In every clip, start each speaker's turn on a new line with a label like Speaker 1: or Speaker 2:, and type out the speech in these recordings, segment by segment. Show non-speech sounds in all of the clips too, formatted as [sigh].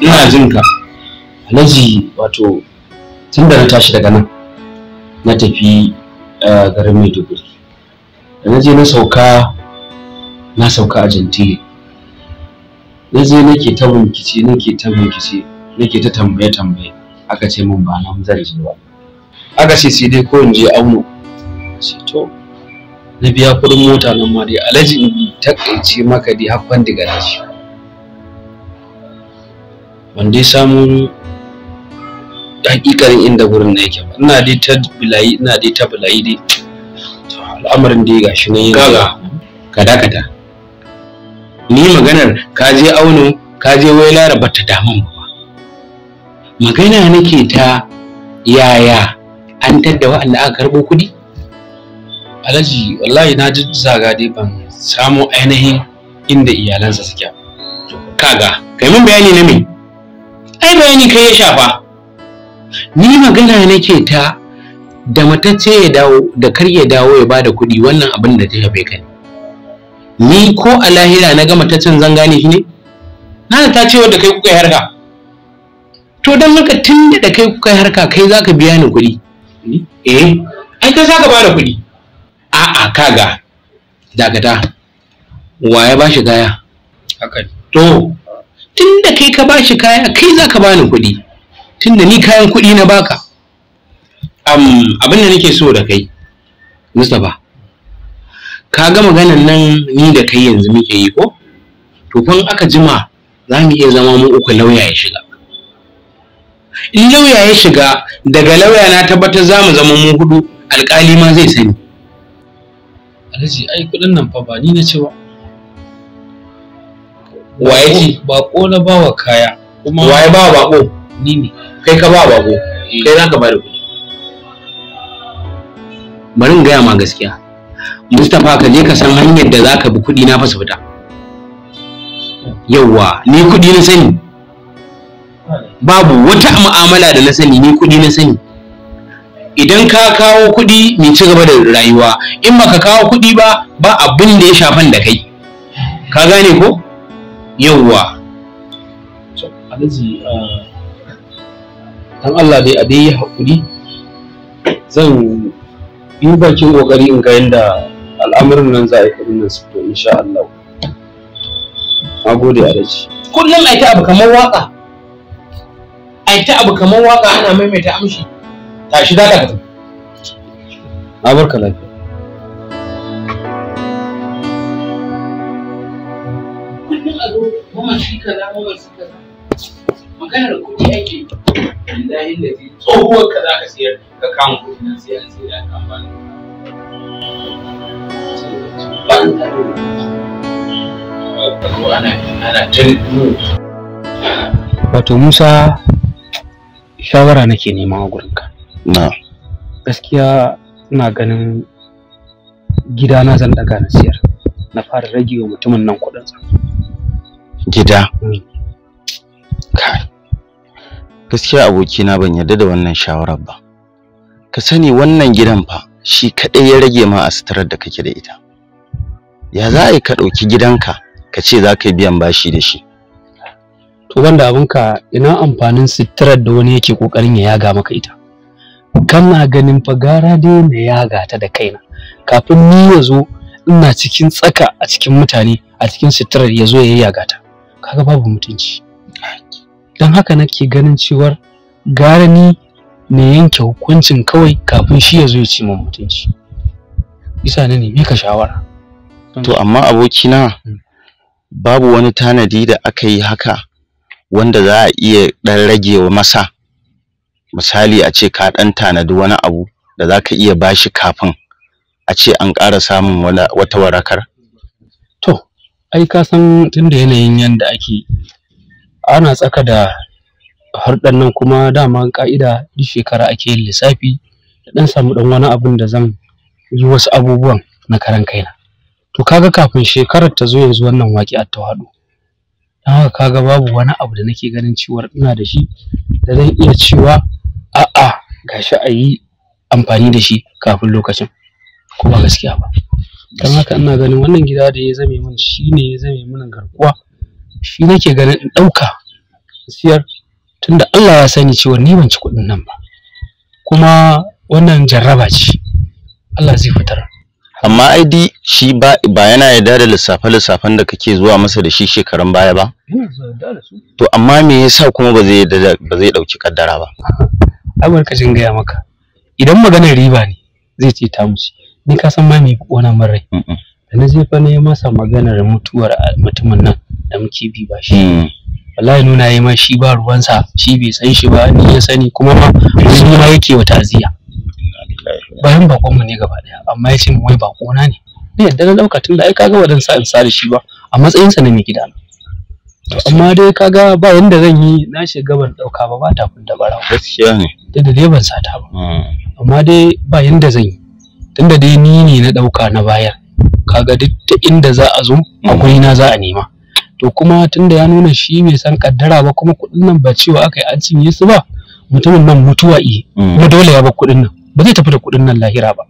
Speaker 1: ina jin ka alhaji wato tun da na tashi daga nan na tafi eh, garin maiduguri da na je na sauka na sauka a jantiri na je nake ta bunkice nake ta bunkice nake ta tambaye tambaye aka ce min ba nan zan je ba aka ce sai dai ko in je auno sai to na biya kuɗin mota nan ma dai alhaji in ta maka dai hakkan diga shi wanda ya samu hakikarin inda gurin na yake ina dai ta bilayi ina dai ta bilayi dai al'amarin dai gashi ne kaga kada kada ni maganar ka je auno ka je wai laraba ta damun ba
Speaker 2: magana nake ta yaya an tadda
Speaker 1: wa'anda aka karbo kuɗi alhaji wallahi na ji zaga dai ban samu ainihin inda iyalansa suke kaga kai mun bayani na me
Speaker 2: ni kai ya shafa ni magana nake ta da matacce ya dawo da kar ya dawo ya bada kuɗi wannan abin da ta shafe ka ni ko a lahira na ga mataccen zan gane shi ne na ta cewa da kai kuka yi harka to don haka tun da kai kuka yi harka kai za ka biya ni kuɗi eh ai ka saka bada kuɗi a'a kaga dakata wa ya gaya kaya to tun kai ka bashi kaya kai za ka bani kuɗi tun ni kayan kuɗi na baka um, abin da nake so da kai mustapha ka ga maganan nan ni da kai yanzu muke yi ko to aka jima za mu iya zama mu uku lauya ya shiga in lauya ya shiga daga lauya na tabbatar za mu zama mu hudu alkali ma zai sani
Speaker 1: alhaji ai kuɗin nan fa ba ni na cewa waye ce? bako na bawa kaya kuma
Speaker 3: waye ba bako
Speaker 1: ni ne kai ka ba bako eh. kai zaka bada kuɗi
Speaker 2: bari in gaya ma gaskiya Mustapha ka je ka san hanyar da za ka bi kuɗi na fasa fita yawwa ni kuɗi na sani babu wata mu'amala da na sani ni kuɗi na sani idan ka kawo kuɗi mai ci gaba da rayuwa in ba ka kawo kuɗi ba ba abin da ya shafan da kai
Speaker 1: ka gane ko yawwa alhaji ah, dan Allah dai a dai yi haƙuri zan yi bakin ƙoƙari in ga yadda al'amuran nan za a yi kudin nan su to insha Allah na gode alhaji kullum a yi ta abu kamar waƙa
Speaker 2: a yi ta abu kamar waƙa ana maimaita amshi
Speaker 1: tashi da ka tafi
Speaker 3: na lafiya
Speaker 1: mamaci kaza mamaci kaza
Speaker 2: maganar kuɗi ake lillahi da zai tsohuwar ka za ka siyar ka kama kuɗi na, sai
Speaker 4: an sai da ka Ba ban ka ana ana wato
Speaker 1: Musa shawara nake nema a gurinka na gaskiya ina ganin gidana zan daga na siyar na fara rage wa mutumin nan kuɗinsa gida mm.
Speaker 4: kai gaskiya abokina ban yarda da wannan shawarar ba ka sani wannan gidan fa shi kaɗai ya rage ma a suturar da kake da ita ya za a yi ka ɗauki gidanka ka ce za ka yi biyan bashi da shi
Speaker 1: to wanda ka ina amfanin suturar da wani yake ƙoƙarin ya yaga maka ita kana ganin fa gara dai na yaga ta da kaina kafin ni ya zo ina cikin tsaka a cikin mutane a cikin suturar ya zo ya yaga ta kaga babu mutunci don haka nake ganin cewar gara ni yanke hukuncin kawai kafin shi ya zo ya ci min mutunci Isa na bi ka shawara
Speaker 4: to amma abokina hmm. babu wani tanadi da aka yi haka wanda za a iya ɗan rage masa misali a ce ka ɗan tanadi wani abu da za ka iya bashi kafin a ce an ƙara samun wata warakar
Speaker 1: ai ka san tunda yanayin yanda ake ana tsaka da harɗan nan kuma dama ka'ida duk shekara ake yin lissafi da ɗan samu ɗan wani abun da zan yi wasu abubuwan na karan kaina to kaga kafin shekarar ta zo yanzu wannan waƙi ta haɗu don haka kaga babu wani abu da nake ganin cewar ina da shi da zan iya cewa a'a gashi a yi amfani da shi kafin lokacin ko ba gaskiya ba don haka ina ganin wannan gida da ya zame mun shi ne ya zame mun garkuwa shi nake ganin in ɗauka siyar tunda Allah ya sani cewa ni ban ci kuɗin nan ba kuma wannan jarraba ce Allah zai fitar
Speaker 4: amma ai di shi ba yana yarda da lissafe-lissafen da kake zuwa masa da shi shekarun baya ba to amma me yasa kuma ba zai ba zai dauki kaddara ba
Speaker 1: amurka jin gaya maka
Speaker 4: idan maganar riba ne zai ce ta musu
Speaker 1: ni ka san ma mai kona min rai
Speaker 4: da
Speaker 1: na je fa ne masa maganar mutuwar mutumin nan da muke bi ba shi mm. wallahi nuna yi ma shi ba ruwansa shi bai san shi ba ni ya sani kuma ma wani ma yake wa taziya bayan bakon mu ne gaba daya amma ya ce wai bako na ne ne yadda na dauka tun da ai kaga wadan sa in sa da shi ba a matsayin sa na mai gida amma dai kaga ba yanda zan yi na shiga ban dauka ba ba ta kun da bara gaskiya ne da da ban sata ba mm. amma dai ba yanda zan yi tunda dai ni ne na ɗauka na bayar kaga duk ta inda za a zo a na za a nema to kuma tunda ya nuna shi mai san kaddara ba kuma kuɗin nan ba cewa aka yi an cinye su ba mutumin nan mutuwa yi mm. kuma dole ya ba kuɗin nan ba zai tafi da kuɗin nan lahira ba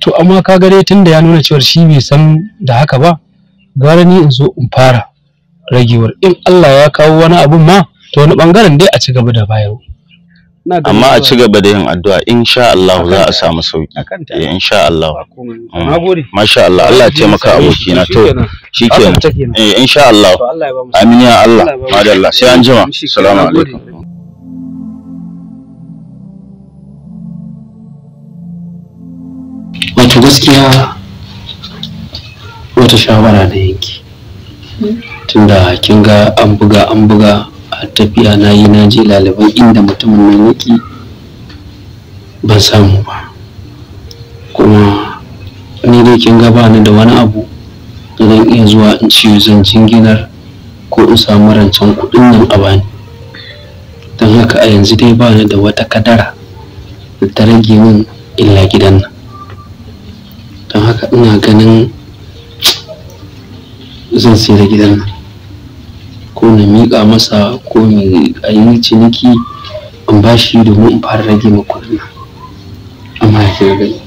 Speaker 1: to amma kaga dai tunda ya nuna cewa shi mai san da haka ba gara ni in zo in fara ragewar in Allah ya kawo wani abun ma to wani bangaren dai a ci gaba da bayarwa
Speaker 4: amma a ci gaba da yin addu'a insha Allah za a samu sauki eh, insha Allah mm. masha Allah Allah ya taimaka aboki na to shikenan eh insha Allah amin ya Allah madalla sai an jima assalamu alaikum
Speaker 1: wato gaskiya wata shawara na yanke, tunda kin ga an buga an buga A tafiya na yi na je laliban inda mutumin nan yake ban samu ba kuma ni dai kin gaba ni da wani abu da zan iya zuwa in ci zan jinginar ko in samu rancen kuɗin nan a bani don haka a yanzu dai ba ni da wata kadara da ta rage min illa gidan nan don haka ina ganin zan sai da gidan nan ko na miƙa masa ko a yi ciniki in ba shi domin in fara rage ma kuɗin amma ya kira gani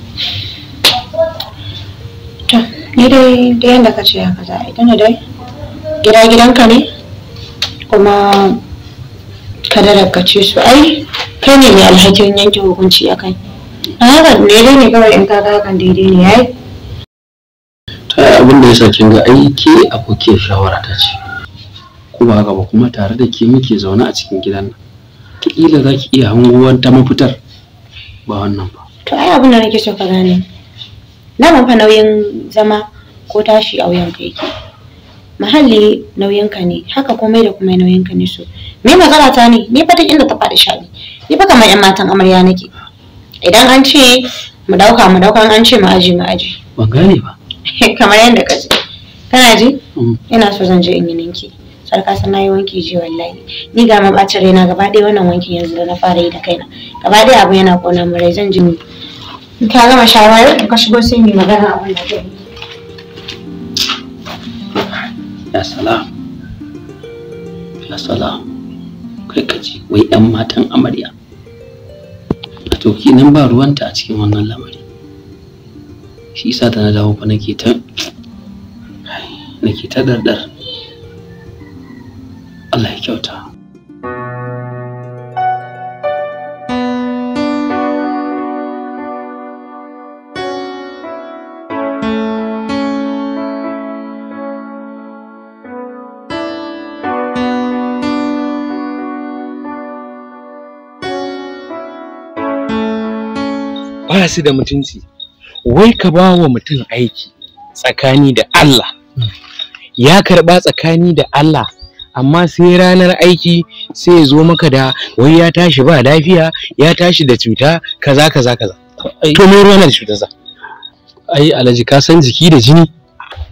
Speaker 3: to ni dai da
Speaker 5: yadda ka ce haka za a yi tana dai gida gidanka ne kuma ka ce su ai kai ne mai alhakin yanke hukunci a kai a haka ne dai ne kawai in kaga hakan daidai ne yi?
Speaker 3: ta abin da ya
Speaker 1: sa kin ga aiki a kuke shawara ta ce ko ba haka ba kuma tare da ke muke zaune a cikin gidan nan kila za ki iya hango wata mafitar ba wannan ba
Speaker 5: to ai abin da nake so ka gane na ban fa nauyin zama ko tashi a wuyan ka yake mahalli nauyin ka ne haka komai da kuma nauyin ka ne so me magana ta ne ni fa duk inda ta faɗi shabi ni fa kamar yan matan amarya nake idan an ce mu dauka mu dauka an ce mu aji mu aji ban gane ba [laughs] kamar yadda ka ce kana ji mm. ina so zan je in yi ninki har ka san wanki ji wallahi ni ga ma raina gaba ɗaya wannan wankin yanzu da na fara yi da kaina gaba ɗaya abu yana kona mu rai zan ji ni Ta ka gama shawarar ka shigo sai mai magana abin da kai
Speaker 1: ya salam ya salam kai ka ji wai yan matan amarya a toki nan ba ruwanta a cikin wannan lamari shi sa da na dawo fa nake ta nake ta dardar Allah ya kyauta
Speaker 2: ba su da mutunci wai ka ba wa mutum aiki tsakani da Allah mm. ya karɓa tsakani da Allah amma sai ranar aiki sai ya zo maka da wai ya tashi ba lafiya ya tashi da cuta kaza kaza kaza to me ruwa na da sa. ai alaji ka san jiki da jini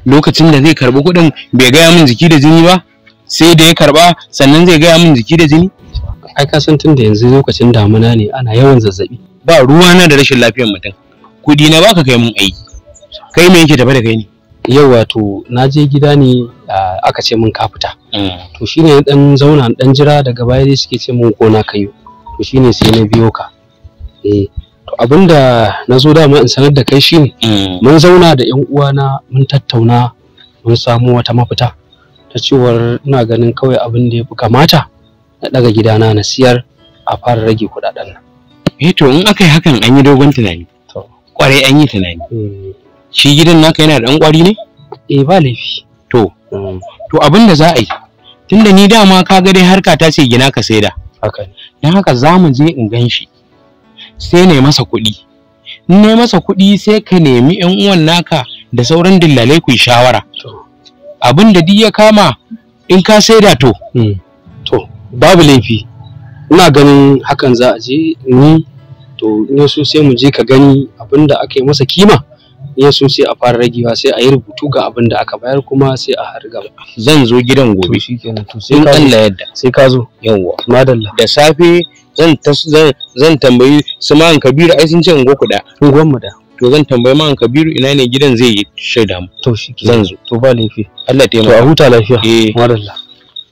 Speaker 2: lokacin
Speaker 1: da zai karbi kuɗin bai gaya min jiki da jini ba sai da ya karba sannan zai gaya min jiki da jini ai ka san tun da yanzu lokacin damuna ne ana yawan zazzabi ba ruwa na da rashin lafiyar mutum kudi na baka kai mun aiki kai me yake tafe da kai ne yau wato na je gida ne aka ce min ka fita to shine dan zauna dan jira daga baya dai suke ce mun kona kai kayo to shine sai na biyo ka eh to abinda na zo da in sanar da kai shine mun zauna da yan uwana mun tattauna mun samu wata mafita ta cewar ina ganin kawai abin da ya fi kamata na daga gidana na siyar a fara rage kudaden nan eh to in aka hakan an yi dogon tunani kwarai an yi tunani eh. shi gidan naka yana da ɗan ƙwari ne eh
Speaker 2: ba laifi to to abin za a yi tunda ni dama ka ga dai harka ta ce gina ka saida haka don haka za mu je in gan shi sai na masa kuɗi in masa kuɗi sai ka nemi yan uwan naka da sauran dillalai ku shawara
Speaker 1: abin da ya kama in ka saida to mm. to babu laifi ina ganin hakan za a je ni to ne so sai mu je ka gani abinda da aka yi masa kima in eh, so sai a fara ragewa sai a yi rubutu ga abin da aka bayar kuma sai a harga zan zo gidan gobe to shikenan to sai ka Allah yadda sai ka zo
Speaker 2: yawwa madalla da safe zan zan tambayi su man kabiru ai sun ce in goku da mu da to zan tambayi man kabiru ina ne gidan zai yi shaida mu
Speaker 1: to shikenan zan zo
Speaker 3: to ba laifi Allah ya taimaka to a huta lafiya eh. madalla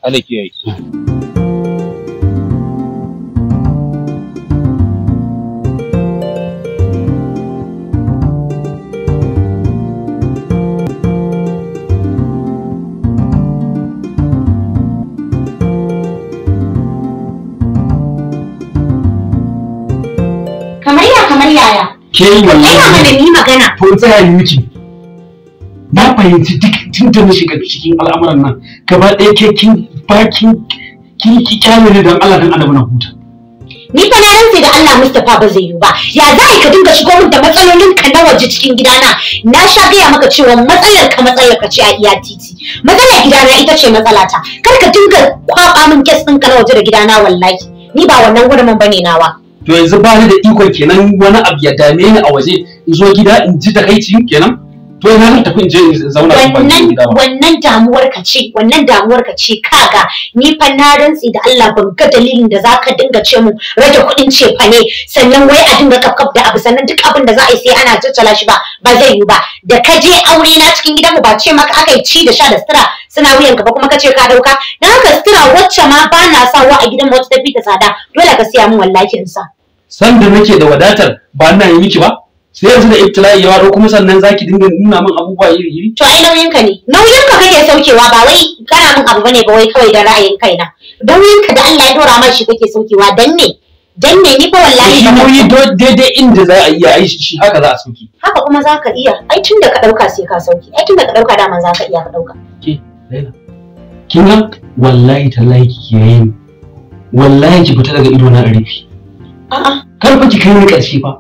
Speaker 1: Allah kiyaye mm. yaya ke yi wallahi ina mana ni magana to tsaya yi miki na fahimci duk tun da shiga cikin al'amuran nan gaba ɗaya ke kin bakin kin ki kyale ne dan Allah dan annabi na huta
Speaker 5: ni fa na rantsi da Allah Mustapha ba zai yi ba ya za ka dinga shigo min da matsalolin ka na waje cikin gidana na sha gaya maka cewa matsalar ka matsalar ka ce a iya titi matsalar gidana ita ce matsalata kar ka dinga kwaɓa min kes ɗin ka na waje da gidana wallahi ni ba wannan gudumin ba ne nawa
Speaker 1: to yanzu ba ni da ikon kenan wani abu ya dame ni a waje in zo gida in ji takaici kenan to ina zan tafi in je in zauna wannan
Speaker 5: wannan damuwar ka ce wannan damuwar ka ce kaga ni fa na rantsi da Allah ban ga dalilin da zaka dinga ce mu rage kuɗin fa ne sannan wai a dinga kafkaf da abu sannan duk abin da za a yi sai ana tattala shi ba ba zai yi ba da ka je aure na cikin gidan mu ba ce maka aka yi ci da sha da sutura suna wuyan ka ba kuma ce ka dauka dan haka sutura wacce ma ba na sawa a gidan mu wata tafi ta tsada dole ka siya min wallahi in sa
Speaker 1: san da nake da wadatar ba ina yi miki ba sai yanzu da ibtila'i ya wado kuma sannan zaki dinga nuna min abubuwa iri iri
Speaker 5: to ai nauyin ka ne nauyin ka kake saukewa ba wai kana min abu bane ba wai kawai da ra'ayin kaina nauyin ka da Allah ya dora mai shi kake saukewa dan ne dan ne ni fa wallahi da nauyi
Speaker 1: daidai inda za a iya aishi shi haka za a sauke
Speaker 5: haka kuma za ka iya ai tunda da ka dauka sai ka sauke ai tunda da ka dauka daman za
Speaker 1: ka iya ka dauka ke Laila kin ga wallahi tallahi kike yayin wallahi ki fita daga ido na rufi A'a. Kar fa ji kai ni ƙarshe fa.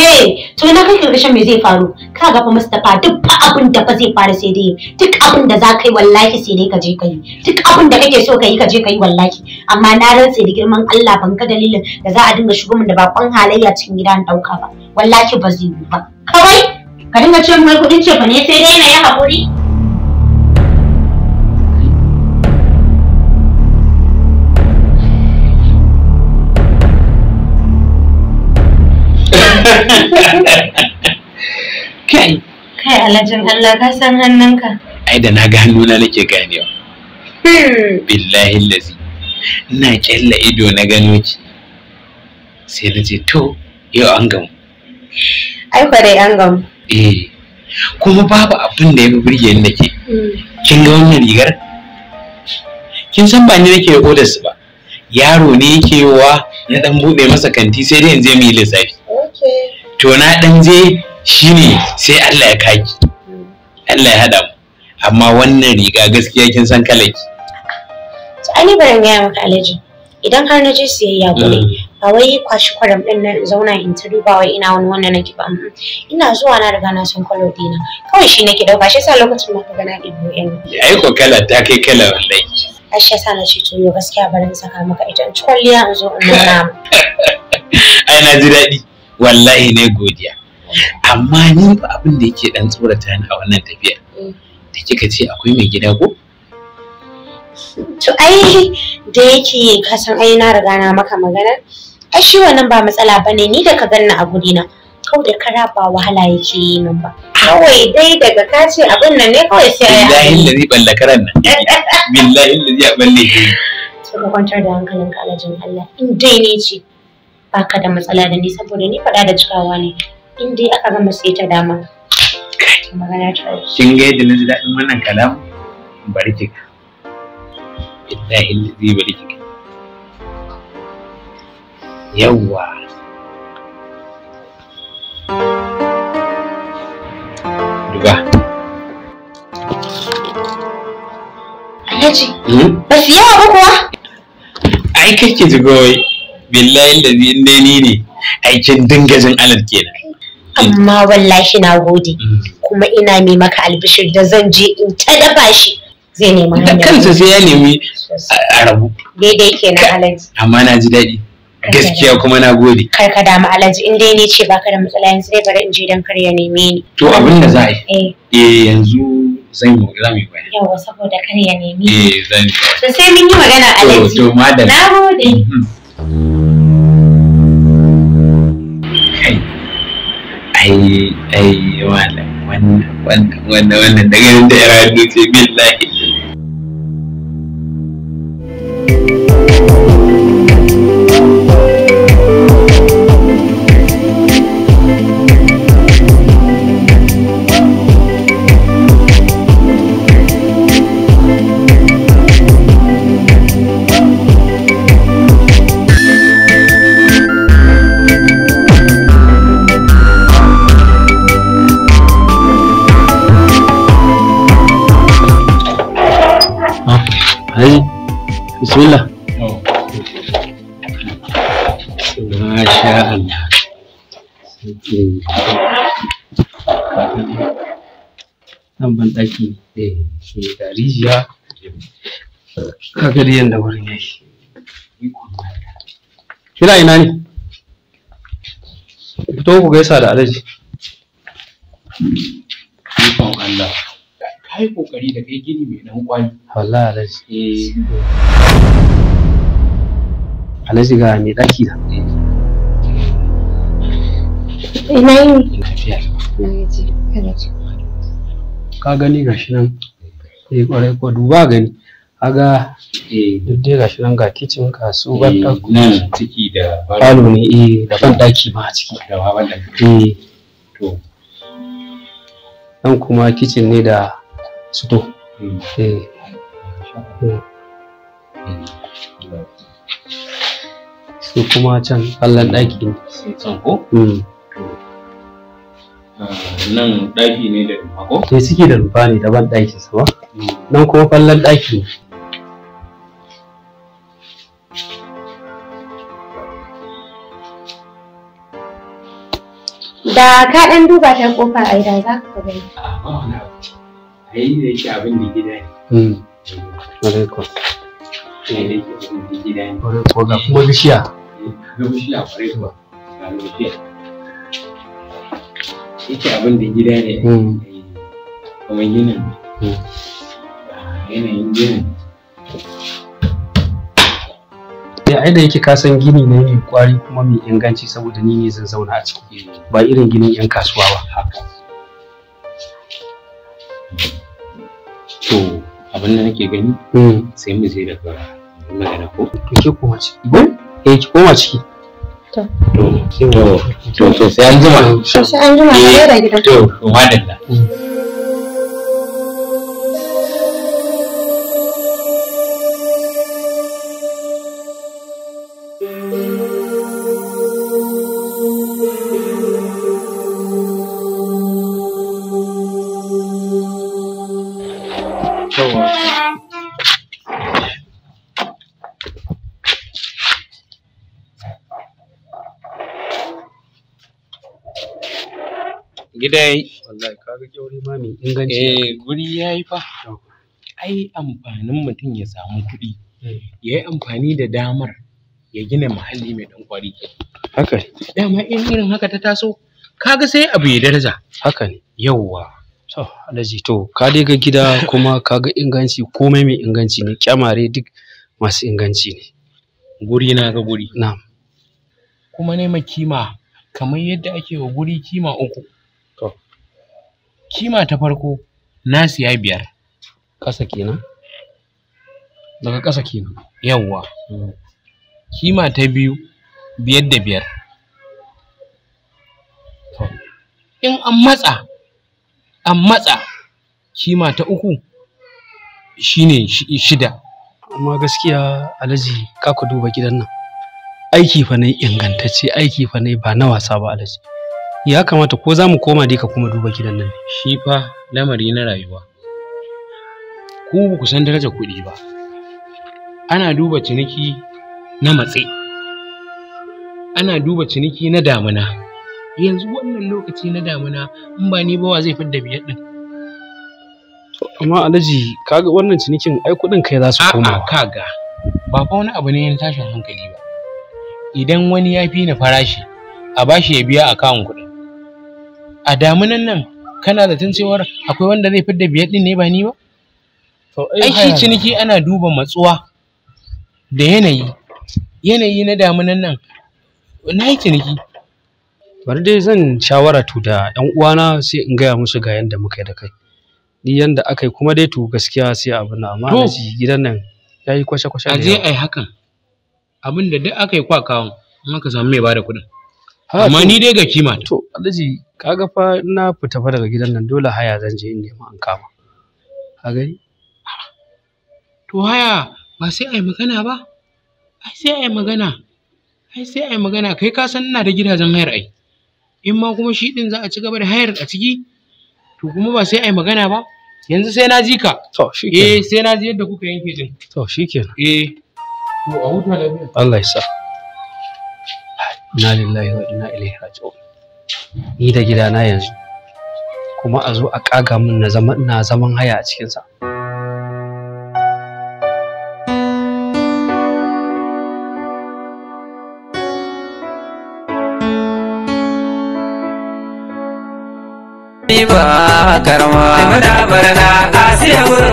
Speaker 5: Eh, to ina kai me zai faru? Ka ga fa Mustapha duk fa abin da fa zai faru sai dai duk abin da za ka yi wallahi sai dai ka je ka yi. Duk abin da kake so ka yi ka je ka yi wallahi. Amma na rantse da girman Allah ban ga dalilin da za a dinga shigo min da bakon halayya cikin gida in dauka ba. Wallahi ba zai yi ba. Kawai ka dinga ce mai kuɗin ce fa ne sai dai na yi hakuri? kai kai alajin Allah ka san hannunka
Speaker 2: ai da na ga hannuna nake ganewa hmm. billahi lazi ina kyalla ido na gano sai na ce to yau an gamu
Speaker 5: ai kwa dai an gamu
Speaker 2: eh kuma babu abin da ya fi burge ni ke hmm. kin ga wannan rigar kin san ba ni nake odar su ba yaro ne yake wa na dan bude masa kanti sai dai yanzu ya yi lissafi okay to na ɗan je shine sai Allah ya kaki Allah ya hada mu amma wannan riga gaskiya kin san kalaki
Speaker 5: to ani baran gaya maka alaji idan har na je siyayya gobe mm. ba wai kwashi kwaram din na zauna in ta duba wai ina wani wannan nake ba ina zuwa na riga na san kwalo dina kawai shi nake dauka shi sa lokacin ma ka ga na ɗibo
Speaker 2: yan ko kala ta kai kala wallahi
Speaker 5: ashe sa na ce to gaskiya barin saka maka idan cikon liya in zo in nuna
Speaker 2: [laughs] ai na ji daɗi wallahi ne godiya amma ni ba abin da yake dan tsorata ni a wannan tafiya. da kika ce akwai mai gida ko
Speaker 5: to ai da yake ka san ai na riga na maka magana ai shi wannan ba matsala bane ni da ka ganna a guri na kau da kara ba wahala yake yi min ba kawai dai daga ka ce abin nan ne kawai sai ai billahi
Speaker 2: lazi balla karan nan billahi lazi balle ke
Speaker 5: to ka kwantar da hankalinka alajin Allah in dai ne ce baka da matsala da ni saboda ni faɗa da cikawa ne in dai aka gama sai ta dama
Speaker 1: magana ta kin ga yadda na ji daɗin
Speaker 2: wannan kalam bari kika billahi zai bari kika
Speaker 1: yawwa duba Alhaji, hmm? ba su yawa ba kuwa?
Speaker 2: Ai kake jigo wai. billahi da in dai ni ne aikin dinga jin alal kenan
Speaker 5: amma wallahi na gode mm. kuma ina mai maka albishir da zan je in ta dafa shi zai nemi da kansa
Speaker 2: sai ya nemi a rabu
Speaker 5: daidai kenan alaji
Speaker 2: amma na ji daɗi gaskiya kuma na gode
Speaker 5: kar ka damu alaji in dai ne ce baka da matsala yanzu dai bari in je dan kar ya neme ni to abin da za a yi
Speaker 1: eh, eh yanzu zan yi za mu yi
Speaker 5: bayani yawa saboda kar ya neme
Speaker 1: ni eh zan yi
Speaker 5: to sai mun yi magana
Speaker 1: alaji to na gode
Speaker 5: mm-hmm.
Speaker 1: ai ai wannan wannan wannan da ganin da irani ce billahi bismillah masha Allah nan ban ɗaki da ke da rijiya kaga yadda wurin kina ina ne fito ku gaisa da alaji Allah kai kokari da kai gini mai nan kwani wallahi alhaji eh. alhaji ga mai daki da eh. ina yi tafiya ka gani gashi nan eh kwarai ko duba gani kaga eh. duk dai gashi nan ga kicin ga su ban nan ciki da falo ne eh da ban daki ba a ciki da ban daki eh to nan kuma kicin ne da su mm. eh. mm. su kuma can allon ɗaki ne can ko mm. ah, nan ɗaki ne da rufa Ke eh, suke da rufa ne daban ɗakin su ba. Nan kuma kallon ɗaki ne. Da
Speaker 5: ka ɗan duba ta kofar a da za ka gani.
Speaker 1: Ah, a yake abin da gida ne. Ƙwarai hmm. ko. da yake eh,
Speaker 2: hmm. ginin. Hmm.
Speaker 1: Ah, yanayin ginin. ya da yake kasan gini ne mai kwari kuma mai inganci saboda ni ne zan zauna a ciki eh. ba irin ginin yan kasuwa ba abin da nake gani sai mu je da daga magana ko ke koma ciki eh ki koma ciki to to to sai an jima
Speaker 5: sai an jima da gidan to madalla
Speaker 1: dai wallahi kaga kyauri ma mai inganci eh guri
Speaker 2: yayi fa ai amfanin mutum ya samu kuɗi eh. ya yi amfani da damar ya gina muhalli mai ɗan kwari haka dama in irin haka ta taso
Speaker 1: kaga sai abu ya daraja haka ne yawwa to alhaji to ka dai ga gida kuma ka ga inganci komai mai inganci ne kyamare duk masu inganci ne guri na ga guri na'am
Speaker 2: kuma ne kima kamar yadda ake wa guri kima uku kima ta farko na siya biyar
Speaker 1: ƙasa kenan daga ƙasa kenan yawwa kima ta biyu biyar da biyar in an matsa an matsa kima ta uku shine shida amma gaskiya alhaji ka ku duba gidan nan aiki fa ne ingantacce aiki fa ne ba na wasa ba alhaji ya kamata ko za mu koma dai ka kuma duba gidan nan
Speaker 2: shi fa lamari na rayuwa
Speaker 1: ku ba ku san darajar kuɗi ba
Speaker 2: ana duba ciniki na matse ana duba ciniki na damuna yanzu wannan lokaci na damuna in ba ni ba wa zai fadda biyar din
Speaker 1: amma alaji kaga wannan cinikin ai kuɗin kai za su koma kaga ba fa wani abu ne na
Speaker 2: tashin hankali ba idan wani ya fi ni farashi a bashi ya biya akawun kuɗin a damunan nan kana zaton cewar akwai wanda zai fidda biyar din ne ba ni ba Aiki eh, ai shi ciniki ana duba matsuwa da yanayi yanayi na damunan nan
Speaker 1: na yi ciniki bari dai zan shawara tu da yan uwana sai in gaya musu ga yanda muka yi da kai ni yanda aka yi kuma dai tu gaskiya sai abu na. amma na ji gidan nan ya yi kwashe-kwashe da yawa a
Speaker 2: je hakan abin da duk aka yi kwa kawon in aka samu mai bada kuɗin
Speaker 1: amma ni dai ga kima ne to alhaji kaga fa na fita fa daga gidan nan dole haya zan je in nemi an kama ka gani to haya ba sai ai magana ba
Speaker 2: ai sai ai magana ai sai ai magana kai ka san ina da gidajen hayar ai in ma kuma shi din za a ci gaba da hayar a ciki to kuma ba sai ai magana ba yanzu sai na ji ka to shikenan eh
Speaker 1: sai na ji yadda kuka yanke jin to shikenan eh to a huta lafiya Allah ya sa inna lillahi wa inna ilaihi raji'un ni da gidana yanzu kuma a zo a kaga min na zama ina zaman haya a cikin sa
Speaker 4: ba karma muna barna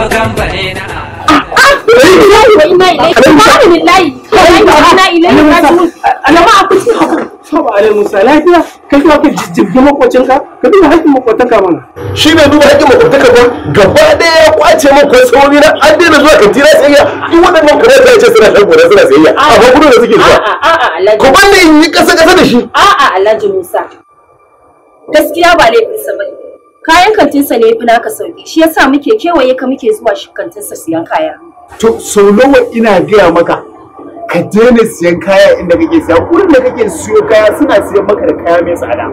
Speaker 1: kamfani na ah, ah.
Speaker 3: alama a kuci haka saba alai musa lafiya kai kuma ka jijjigi makocinka ka duba haƙƙin makotanka mana shi ne duba haƙƙin makotanka ba gaba ɗaya ya kwace min kwansauri na an daina zuwa kantina sayayya duk waɗannan kamata ya ce suna shan gona suna sayayya a bakuru da suke
Speaker 4: zuwa ku bani in yi ƙasa ƙasa da shi a'a alhaji musa gaskiya ba laifinsa ba kayan kantinsa ne fi naka sauki shi yasa muke kewaye
Speaker 5: ka muke zuwa kantinsa siyan kaya
Speaker 4: to sau nawa ina gaya maka ka daina siyan kaya inda kake siya wurin da kake siyo kaya suna siyan maka da kaya mai tsada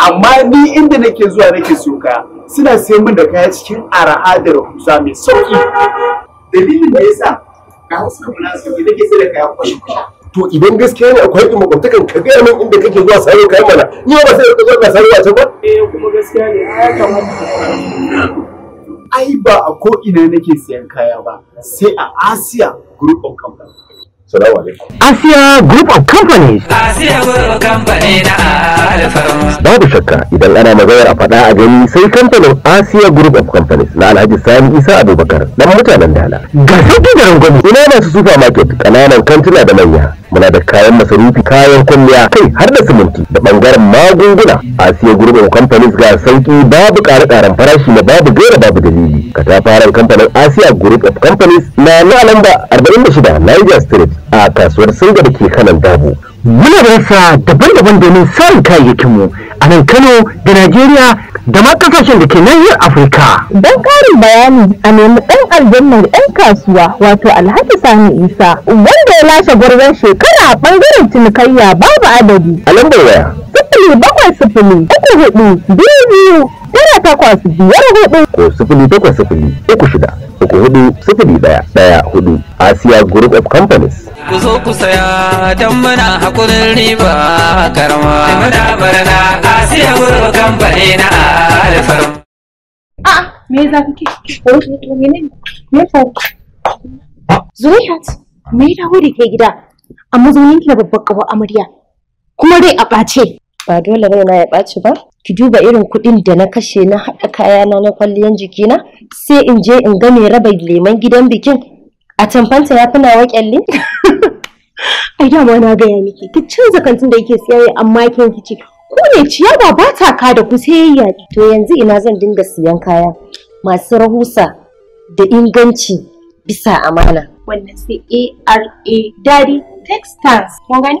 Speaker 4: amma ni inda nake zuwa nake siyo kaya suna siyan min da kaya cikin araha da rahusa mai sauki dalilin da yasa ka hausa da munafiki nake sai da kaya kwashe
Speaker 6: to idan gaskiya ne akwai haƙƙin makwabtakan ka gaya min inda kake zuwa sayo kayan mana ni ba sai ka zo ka sayo a can ba
Speaker 4: eh kuma gaskiya ne ya kamata ai ba a ko ina nake siyan kaya ba sai a Asia group of companies
Speaker 6: Asiya Group of Companies.
Speaker 1: Asiya Group of Companies na Alfarma. Babu
Speaker 6: shakka idan ana maganar a faɗa a gani sai kamfanin Asiya Group of Companies na Alhaji Sani Isa Abubakar na mutanen Dala. Ga sauki da rangwami ina masu supermarket ƙananan kantuna da manya. Muna da kayan masarufi, kayan kwalliya, kai har da siminti da ɓangaren magunguna. Asiya Group of Companies ga sauƙi babu ƙare-ƙaren farashi na babu gaira babu dalili. Katafaren kamfanin Asiya Group of Companies na na lamba 46 Niger Street a kasuwar singa da ke kanan dabu muna rasa daban-daban domin samun mu a nan
Speaker 3: kano da najeriya da ma kasashen da ke nan nahiyar afirka don karin bayani a nemi ɗan aljannar yan kasuwa wato alhaji sani isa wanda ya lashe gwarzon
Speaker 6: shekara a bangaren cinikayya babu adadi a lambar waya sifili bakwai sifili uku hudu biyu biyu tara takwas biyar hudu ko sifili bakwai sifili uku shida uku hudu sifili ɗaya, ɗaya, hudu asia group of companies
Speaker 4: Kuzo zo ku
Speaker 1: saya don muna hakurin riba karma muna barna asiya
Speaker 4: gurbin kamfani na
Speaker 1: a me za ki
Speaker 5: ne, me ya me da ke gida a mazaunin ki da babbar kawo amarya kuma dai a ɓace.
Speaker 4: Ba dole raina ya ɓace
Speaker 5: ba, ki duba irin kuɗin da na kashe na haɗa kayana na kwalliyan jikina sai in je in ga mai raba leman gidan bikin a tamfanta ya fi nawa kyalli [laughs] ai dama na gaya miki ki canza kantin da yake siya amma kin kici ko ne ciyawa ba ta ka da ku sai yayi to yanzu ina zan dinga siyan kaya masu rahusa da inganci bisa amana wannan sai ARA Daddy Textiles kun gani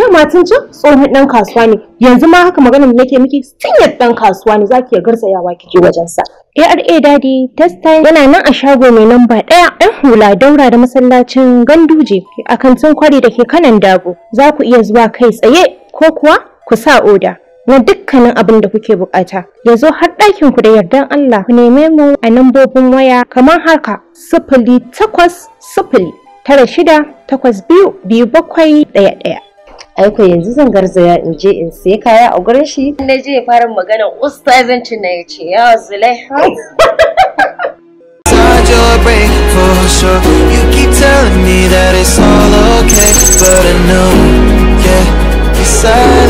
Speaker 5: Yau tun can tsohon dan kasuwa ne yanzu ma haka maganar nake miki sanya dan kasuwa ne zaki ya garzayawa kike wajen sa ARA Daddy test time yana nan a shago mai namba ɗaya ɗan hula daura da masallacin Ganduje a kantin kwari da ke kanan dago za ku iya zuwa kai tsaye ko kuwa ku sa oda na dukkanin abin da kuke bukata ya zo har ɗakin ku da yardan Allah ku neme mu a nambobin waya kamar haka sifili takwas sifili tara shida takwas biyu biyu bakwai ɗaya ɗaya aiko yanzu zan garzaya in je in sai kaya a gurin shi na je ya fara magana ustazancin na ya ce ya
Speaker 4: zulai [laughs]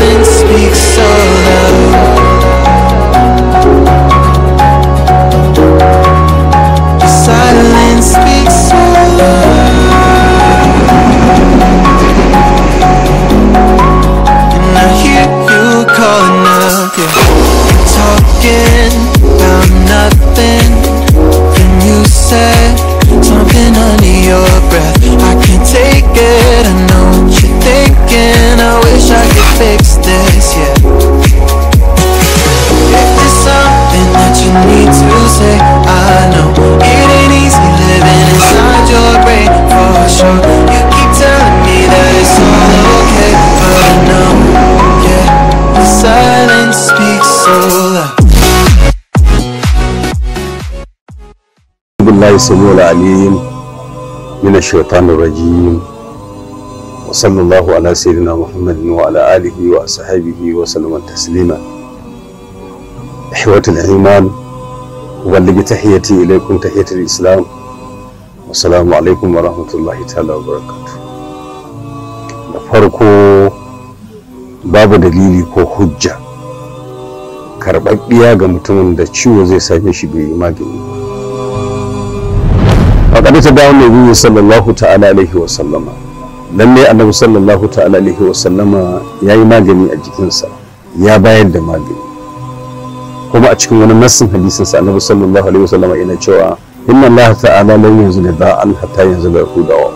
Speaker 6: السميع العليم من الشيطان الرجيم وصلى الله على سيدنا محمد وعلى آله وصحبه وسلم تسليما إخوة الإيمان أبلغ تحيتي إليكم تحية الإسلام والسلام عليكم ورحمة الله تعالى وبركاته farko باب dalili ko hujja karɓaɓɓiya ga mutumin da ciwo zai same shi bai yi magani kada ta dawo nabi sallallahu ta'ala alaihi wa sallama lalle annabi sallallahu ta'ala alaihi wa sallama yayi magani a jikinsa ya bayar da magani kuma a cikin wani nassin hadisin sa annabi sallallahu alaihi wa sallama yana cewa inna allaha ta'ala lam yanzu da an hatta yanzu la yahudawa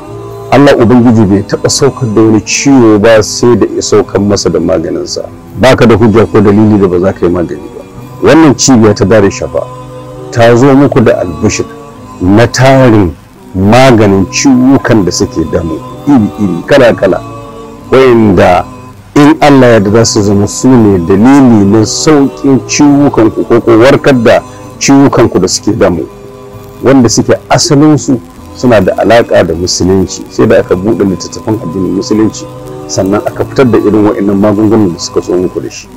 Speaker 6: Allah ubangiji bai taba saukar da wani ciwo ba sai da ya saukar masa da maganin sa baka da hujja ko dalili da ba za ka yi magani ba wannan cibiya ta dare shafa ta zo muku da albishir na tarin maganin ciwukan da suke damu iri-iri kala-kala wayanda in Allah ya da su zama su ne dalili na sauƙin ciwukan ku ko warkar da ciwukan ku da suke damu wanda suke asalinsu suna da alaƙa da musulunci sai da aka buɗe littattafan addinin musulunci sannan aka fitar da irin waɗannan magungunan da suka so muku da shi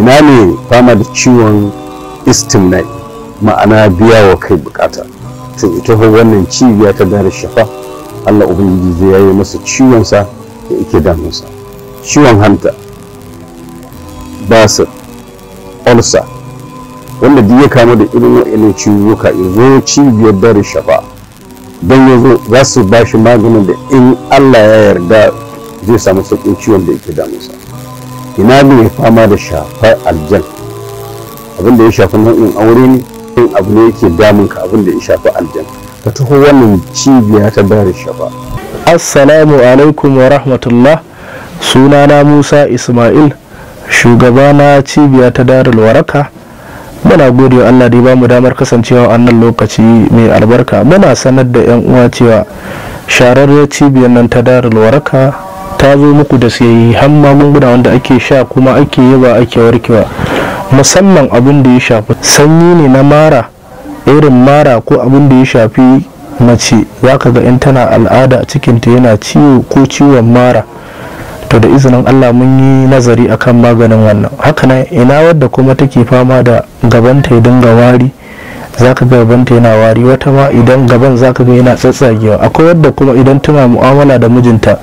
Speaker 6: ina ne fama da ciwon istimnai ma'ana biya wa kai bukata to ita ho wannan cibiya ta dare shafa Allah ubangiji zai yaye masa ciwon sa da yake damunsa ciwon hanta basa ulcer wanda duk ya kama da irin wa'annan ciwuka ya zo cibiyar dare shafa don ya zo za su ba shi maganin da in Allah ya yarda zai samu sauƙin ciwon da yake damunsa ina ne fama da shafar aljan abinda da ya shafi nau'in aure ne in abu ne yake damun ka abin da ya shafi aljan ka taho wannan cibiya ta bayar shafa
Speaker 3: assalamu alaikum wa rahmatullah Suna na musa ismail shugaba na cibiya ta darul waraka muna gode wa allah da ba mu damar kasancewa wannan lokaci mai albarka muna sanar da yan uwa cewa shararriyar cibiyar nan ta darul waraka ta zo muku da sai hamma magunguna wanda ake sha kuma ake yaba ake warkewa musamman abin da ya shafi sanyi ne na mara irin mara ko abin da ya shafi mace za ka ga in tana al'ada cikinta yana ciwo ko ciwon mara to da izinin allah mun yi nazari akan maganin wannan hakanan ina wadda kuma take fama da gabanta ya dinga wari za ka ga banta yana wari wata ma idan gaban za ka ga yana tsatsagewa akwai wadda kuma idan tana mu'amala da mijinta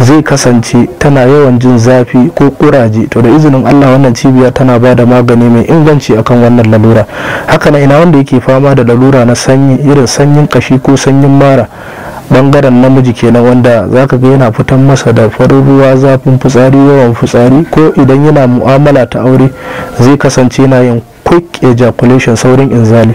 Speaker 3: zai kasance tana yawan jin zafi ko kuraje to da izinin allah wannan cibiya tana ba da magani mai inganci akan wannan lalura haka na ina wanda yake fama da lalura na sanyi irin sanyin kashi ko sanyin mara bangaren namiji kenan wanda za ka ga yana fitan masa da farin ruwa zafin fitsari yawan fitsari ko idan yana mu'amala ta aure zai kasance yana yin quick ejaculation saurin inzali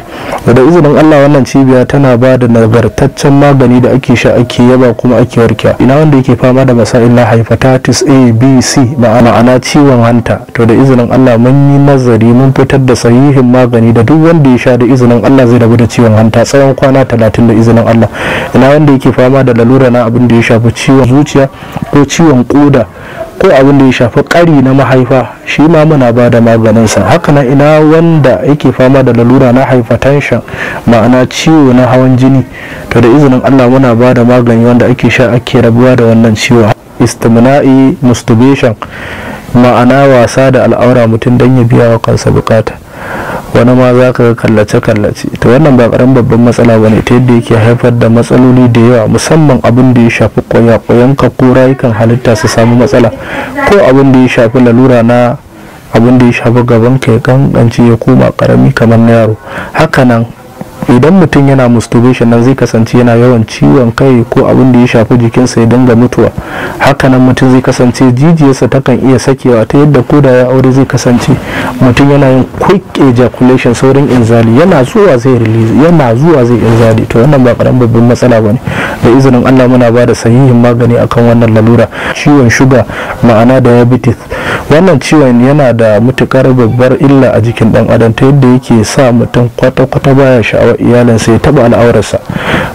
Speaker 3: da izinin allah wannan cibiya tana ba da nagartaccen magani da ake sha ake yaba kuma ake warkewa ina wanda yake fama da masail na hepatitis a b c ma'ana ana ciwon hanta to da izinin allah mun yi nazari mun fitar da sahihin magani da duk wanda ya sha da izinin allah zai rabu da ciwon hanta tsawon kwana talatin da izinin allah ina wanda yake fama da lalura na abin da ya shafi ciwon zuciya ko ciwon koda ko abin da ya shafi ƙari na mahaifa shi ma muna ba da maganinsa na ina wanda yake fama da lalura na hypertension ma'ana ciwo na hawan jini to da izinin allah muna ba da magani wanda ake sha ake rabuwa da wannan ciwo istimna'i masturbation ma'ana wasa da al'aura mutum don ya biya wa kansa bukata wani ma za ka kallace-kallace ta wannan ba karan babban matsala ba ta yadda yake haifar da matsaloli da yawa musamman abin da ya shafi kwaya-kwayanka ko rayukan halitta su samu matsala ko abin da ya shafi lalura na abin da ya shafi gaban ka ya kankanci ya koma karami kamar na yaro haka nan idan mutum yana masturbation nan zai kasance yana yawan ciwon kai ko abin da ya shafi jikinsa ya dinga mutuwa hakanan mutum zai kasance jijiyarsa ta kan iya sakewa ta yadda ko da ya aure zai kasance mutum yana yin quick ejaculation saurin inzali yana zuwa zai release yana zuwa zai inzali to wannan ba karamin babban matsala bane da izinin Allah muna ba da sahihin magani akan wannan lalura ciwon shuga ma'ana diabetes wannan ciwon yana da matukar babbar illa a jikin dan adam ta yadda yake sa mutum kwata-kwata baya sha'awar iyalinsa ya taba al'aurarsa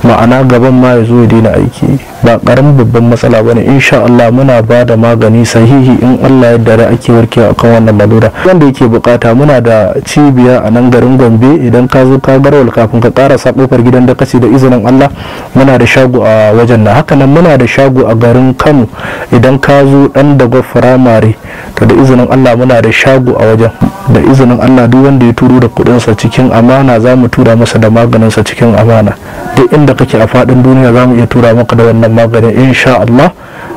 Speaker 3: ma'ana gaban ma ya zo ya daina aiki ba karamin babban matsala bane insha Allah muna ba da magani sahihi in Allah ya dare ake warkewa akan wannan lalura wanda yake bukata muna da cibiya a nan garin Gombe idan ka zo ka garwal kafin ka kara sabofar gidan da kace da izinin Allah muna da shago a wajen nan haka nan muna da shago a garin Kano idan ka zo dan daga firamare to da izinin Allah muna da shago a wajen da izinin Allah duk wanda ya turo da kudinsa cikin amana za mu tura masa da maganinsa cikin amana duk inda kake a fadin duniya za mu iya tura maka da wannan maganin insha Allah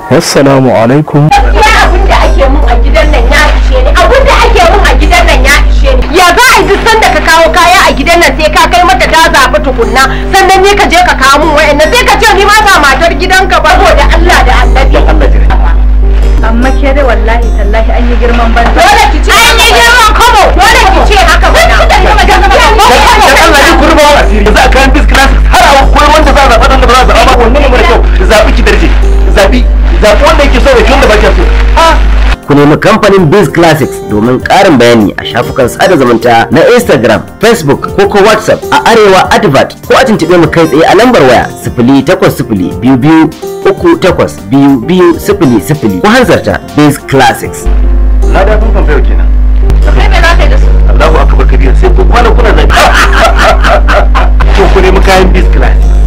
Speaker 3: wassalamu alaikum san
Speaker 5: da ka kawo kaya a gidan nan sai ka kai mata ta zaɓi tukunna sannan ne ka je ka kawo mun wa'annan sai ka ce ni ma ba
Speaker 4: matar gidanka ba ko da Allah da Annabi amma ke dai wallahi tallahi an yi girman ban dole ki ce an yi girman kobo dole ki ce haka
Speaker 6: wani da kuma ga
Speaker 4: gaba ko kuma da Allah ya kurba
Speaker 6: wa asiri za ka bis classics har a koyi wanda za a zaɓa da ba za a zaɓa ba wannan ne mara kyau zaɓi ki darje zaɓi zaɓi wanda yake so da wanda ba ki so ku nemi kamfanin Biz Classics domin ƙarin bayani a shafukan sada zumunta na Instagram, Facebook ko ko WhatsApp a Arewa Advert ko a tuntuɓe mu kai tsaye a lambar waya 0800 biyu biyu uku takwas biyu biyu sifili sifili ko hanzarta Biz Classics. Na da kun kamfayar kenan. Kai me za ka yi da su? Allahu akbar kabir sai ku kwana kuna zabi. [laughs] To ku nemi kayan Biz Classics.